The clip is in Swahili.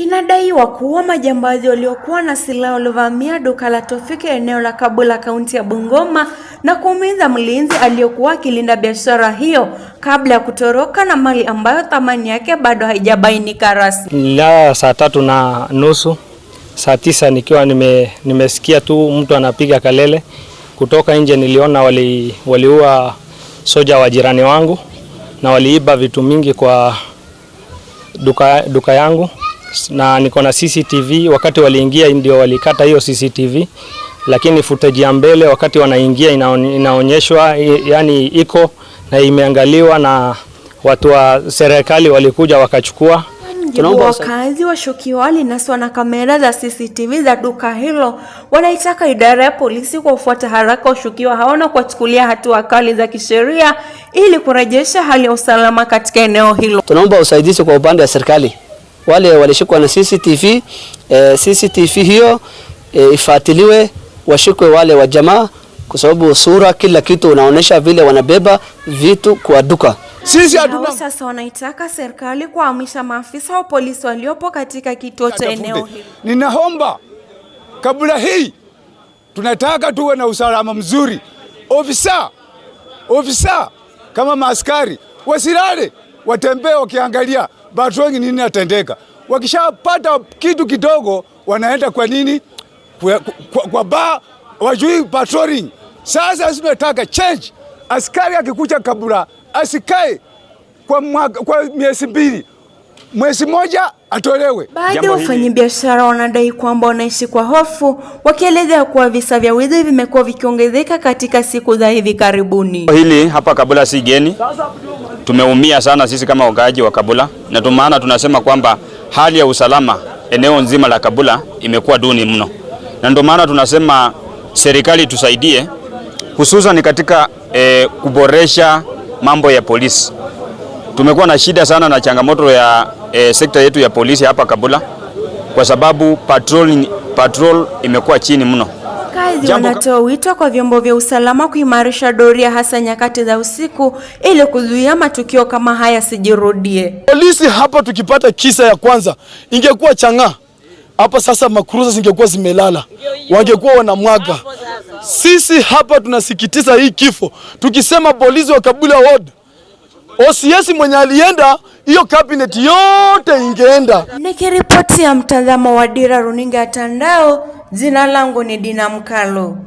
Inadaiwa kuwa majambazi waliokuwa na silaha walivamia duka la Tofiki eneo la Kabula kaunti ya Bungoma na kuumiza mlinzi aliyokuwa akilinda biashara hiyo kabla ya kutoroka na mali ambayo thamani yake bado haijabainika rasmi. Nililala saa tatu na nusu, saa tisa nikiwa nime, nimesikia tu mtu anapiga kelele kutoka nje. Niliona wali, waliua soja wa jirani wangu na waliiba vitu mingi kwa duka, duka yangu na niko na CCTV. Wakati waliingia ndio walikata hiyo CCTV, lakini footage ya mbele wakati wanaingia inaonyeshwa, yani iko na imeangaliwa na watu wa serikali walikuja wakachukua. Tunaomba wakazi washukiwa walinaswa na kamera za CCTV za duka hilo. Wanaitaka idara ya polisi kwa haraka washukiwa hao na kuwachukulia hatua kali za kisheria ili kurejesha hali ya usalama katika eneo hilo. Tunaomba usaidizi kwa upande wa serikali wale walishikwa na CCTV e, eh, CCTV hiyo e, ifuatiliwe, washikwe wale wa jamaa, kwa sababu sura, kila kitu unaonesha vile wanabeba vitu kwa duka. Sisi hatuna. Sasa wanaitaka serikali kuhamisha maafisa wa polisi waliopo katika kituo cha eneo hili. Ninaomba kabla hii, tunataka tuwe na usalama mzuri. Ofisa ofisa kama maaskari wasilale, watembee wakiangalia watu wengi nini atendeka. Wakishapata kitu kidogo, wanaenda kwa nini kwa, kwa, kwa ba wajui patrolling. Sasa sisi tunataka change, askari akikuja kabula asikae kwa, kwa miezi mbili mwezi mmoja atolewe. Baadhi ya wafanyabiashara wanadai kwamba wanaishi kwa hofu, wakielezea kuwa visa vya wizi vimekuwa vikiongezeka katika siku za hivi karibuni. Hili hapa Kabula si geni, tumeumia sana sisi kama wakaaji wa Kabula, na ndio maana tunasema kwamba hali ya usalama eneo nzima la Kabula imekuwa duni mno, na ndio maana tunasema serikali tusaidie, hususan katika e, kuboresha mambo ya polisi. Tumekuwa na shida sana na changamoto ya e, sekta yetu ya polisi hapa Kabula kwa sababu patrol, patrol imekuwa chini mno. Wakazi wanatoa wito kwa vyombo vya usalama kuimarisha doria hasa nyakati za usiku ili kuzuia matukio kama haya sijirudie Polisi hapa tukipata kisa ya kwanza ingekuwa chang'aa hapa sasa, makruza zingekuwa zimelala, wangekuwa wanamwaga. Sisi hapa tunasikitiza hii kifo, tukisema polisi wa Kabula ward OCS mwenye alienda hiyo cabinet yote ingeenda. Nikiripoti ya mtazamo wa Dira Runinga Tandao, jina langu ni Dina Mkalo.